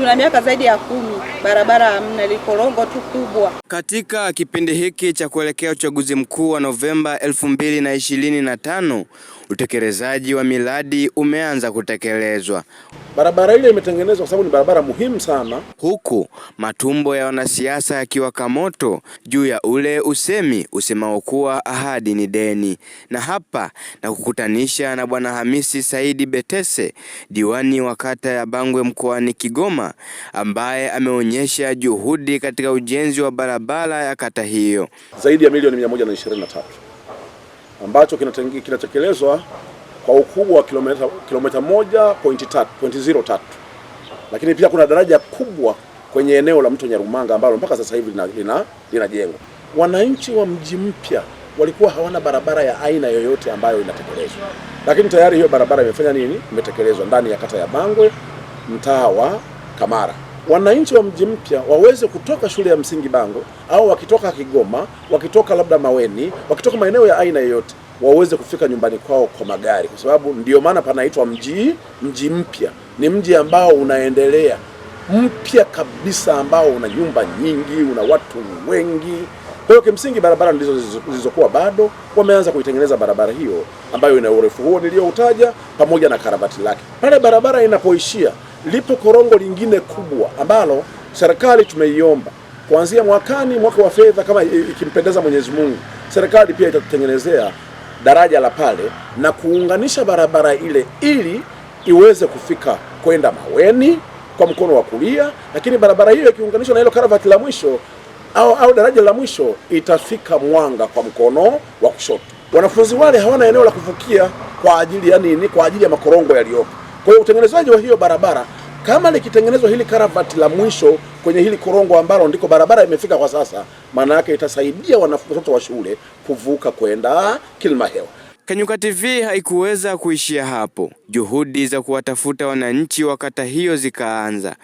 tuna miaka zaidi ya kumi, barabara hamna, likorongo tu kubwa. Katika kipindi hiki cha kuelekea uchaguzi mkuu wa Novemba elfu mbili na ishirini na tano utekelezaji wa miradi umeanza kutekelezwa. Barabara ile imetengenezwa kwa sababu ni barabara muhimu sana, huku matumbo ya wanasiasa yakiwaka moto juu ya ule usemi usemao kuwa ahadi ni deni. Na hapa na kukutanisha na Bwana Hamisi Saidi Betese, diwani wa kata ya Bangwe mkoani Kigoma, ambaye ameonyesha juhudi katika ujenzi wa barabara ya kata hiyo zaidi ya milioni 123 ambacho kinatekelezwa kwa ukubwa wa kilomita, kilomita moja pointi tatu, pointi zero tatu. Lakini pia kuna daraja kubwa kwenye eneo la mto Nyarumanga ambalo mpaka sasa hivi linajengwa lina, lina wananchi wa mji mpya walikuwa hawana barabara ya aina yoyote ambayo inatekelezwa, lakini tayari hiyo barabara imefanya nini, imetekelezwa ndani ya kata ya Bangwe, mtaa wa Kamara wananchi wa mji mpya waweze kutoka shule ya msingi Bango au wakitoka Kigoma, wakitoka labda Maweni, wakitoka maeneo ya aina yoyote waweze kufika nyumbani kwao kwa magari, kwa sababu ndio maana panaitwa mji mji mpya. Ni mji ambao unaendelea mpya kabisa, ambao una nyumba nyingi, una watu wengi. Kwa hiyo kimsingi barabara ndizo zilizokuwa bado, wameanza kuitengeneza barabara hiyo ambayo ina urefu huo niliyoutaja pamoja na karabati lake. Pale barabara inapoishia lipo korongo lingine kubwa ambalo serikali tumeiomba kuanzia mwakani, mwaka wa fedha, kama ikimpendeza Mwenyezi Mungu, serikali pia itatutengenezea daraja la pale na kuunganisha barabara ile ili iweze kufika kwenda Maweni kwa mkono wa kulia, lakini barabara hiyo ikiunganishwa na hilo karavati la mwisho au, au daraja la mwisho itafika Mwanga kwa mkono wa kushoto. Wanafunzi wale hawana eneo la kuvukia kwa ajili ya nini? Kwa ajili ya makorongo yaliyopo. Kwa hiyo utengenezaji wa hiyo barabara kama likitengenezwa hili karavati la mwisho kwenye hili korongo ambalo ndiko barabara imefika kwa sasa, maana yake itasaidia watoto wa shule kuvuka kwenda Kilimahewa. Kanyuka TV haikuweza kuishia hapo. Juhudi za kuwatafuta wananchi wa kata hiyo zikaanza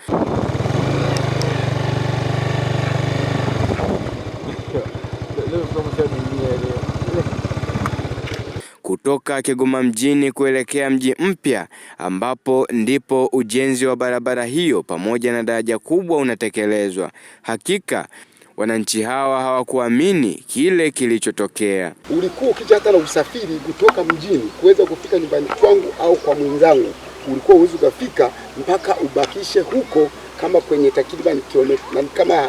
kutoka Kigoma mjini kuelekea mji mpya ambapo ndipo ujenzi wa barabara hiyo pamoja na daraja kubwa unatekelezwa. Hakika wananchi hawa hawakuamini kile kilichotokea. Ulikuwa ukija hata na usafiri kutoka mjini kuweza kufika nyumbani kwangu au kwa mwenzangu, ulikuwa uwezi ukafika mpaka ubakishe huko kama kwenye takriban kilomita kama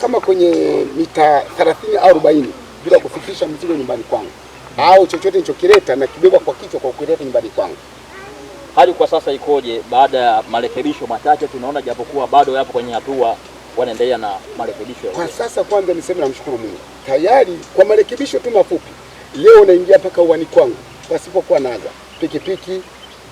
kama kwenye mita 30 au 40 bila kufikisha mzigo nyumbani kwangu au chochote nilichokileta na kibeba kwa kichwa kwa kuleta nyumbani kwangu. Hadi kwa sasa ikoje? Baada ya marekebisho machache tunaona, japokuwa bado yapo kwenye hatua, wanaendelea na marekebisho kwa sasa. Kwanza niseme namshukuru Mungu, tayari kwa marekebisho tu mafupi, leo naingia mpaka uwani kwangu pasipokuwa naga pikipiki,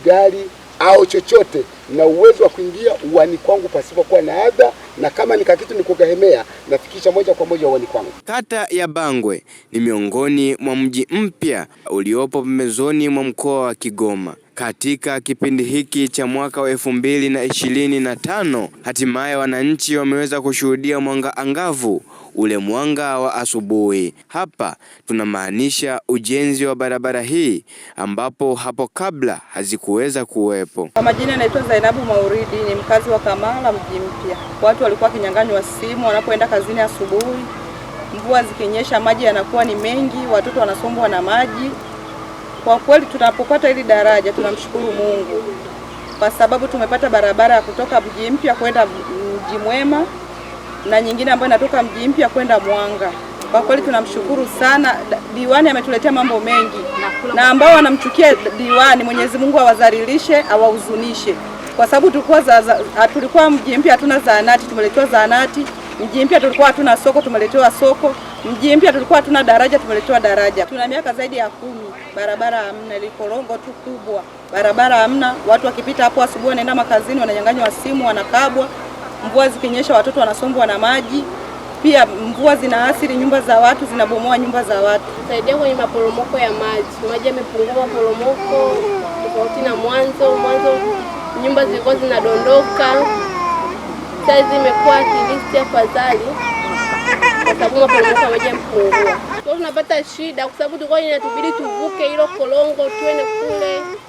gari au chochote na uwezo wa kuingia uwani kwangu pasipokuwa na adha, na kama ni kakitu ni kukahemea, nafikisha moja kwa moja uwani kwangu. Kata ya Bangwe ni miongoni mwa mji mpya uliopo pembezoni mwa mkoa wa Kigoma. Katika kipindi hiki cha mwaka wa elfu mbili na ishirini na tano, hatimaye wananchi wameweza kushuhudia mwanga angavu, ule mwanga wa asubuhi. Hapa tunamaanisha ujenzi wa barabara hii ambapo hapo kabla hazikuweza kuwepo. Kwa majina naitwa Zainabu Mauridi, ni mkazi wa Kamala mji mpya. Watu walikuwa wakinyang'anywa simu wanapoenda kazini asubuhi. Mvua zikinyesha, maji yanakuwa ni mengi, watoto wanasombwa na maji. Kwa kweli tunapopata hili daraja tunamshukuru Mungu kwa sababu tumepata barabara ya kutoka mji mpya kwenda mji mwema na nyingine ambayo inatoka mji mpya kwenda Mwanga. Kwa kweli tunamshukuru sana diwani, ametuletea mambo mengi, na ambao wanamchukia diwani, Mwenyezi Mungu awazalilishe, awahuzunishe, kwa sababu tulikuwa tulikuwa mji mpya hatuna zahanati, tumeletewa zahanati Mji mpya tulikuwa hatuna soko, tumeletewa soko. Mji mpya tulikuwa hatuna daraja, tumeletewa daraja. Tuna miaka zaidi ya kumi, barabara hamna, ilikorongo tu kubwa, barabara hamna. Watu wakipita hapo asubuhi, wanaenda makazini, wananyang'anywa simu, wanakabwa. Mvua zikinyesha, watoto wanasombwa na maji. Pia mvua zinaathiri nyumba za watu, zinabomoa nyumba za watu. Saidia kwenye maporomoko ya maji, maji yamepungua, maporomoko tofauti na mwanzo. Mwanzo nyumba zilikuwa zinadondoka Saizi imekuwa kilisti afadhali kwa sababu maporomoko Kwa tunapata shida kwa sababu tulikuwa inatubidi tuvuke hilo korongo tuende kule